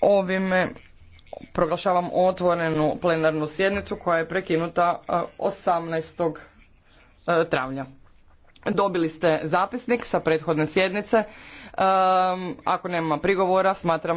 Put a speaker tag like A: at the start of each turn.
A: Ovime proglašavam otvorenu plenarnu sjednicu koja je prekinuta eh, osamnaest eh, travnja. Dobili ste zapisnik sa prethodne sjednice.
B: Ehm, ako nema prigovora, smatram da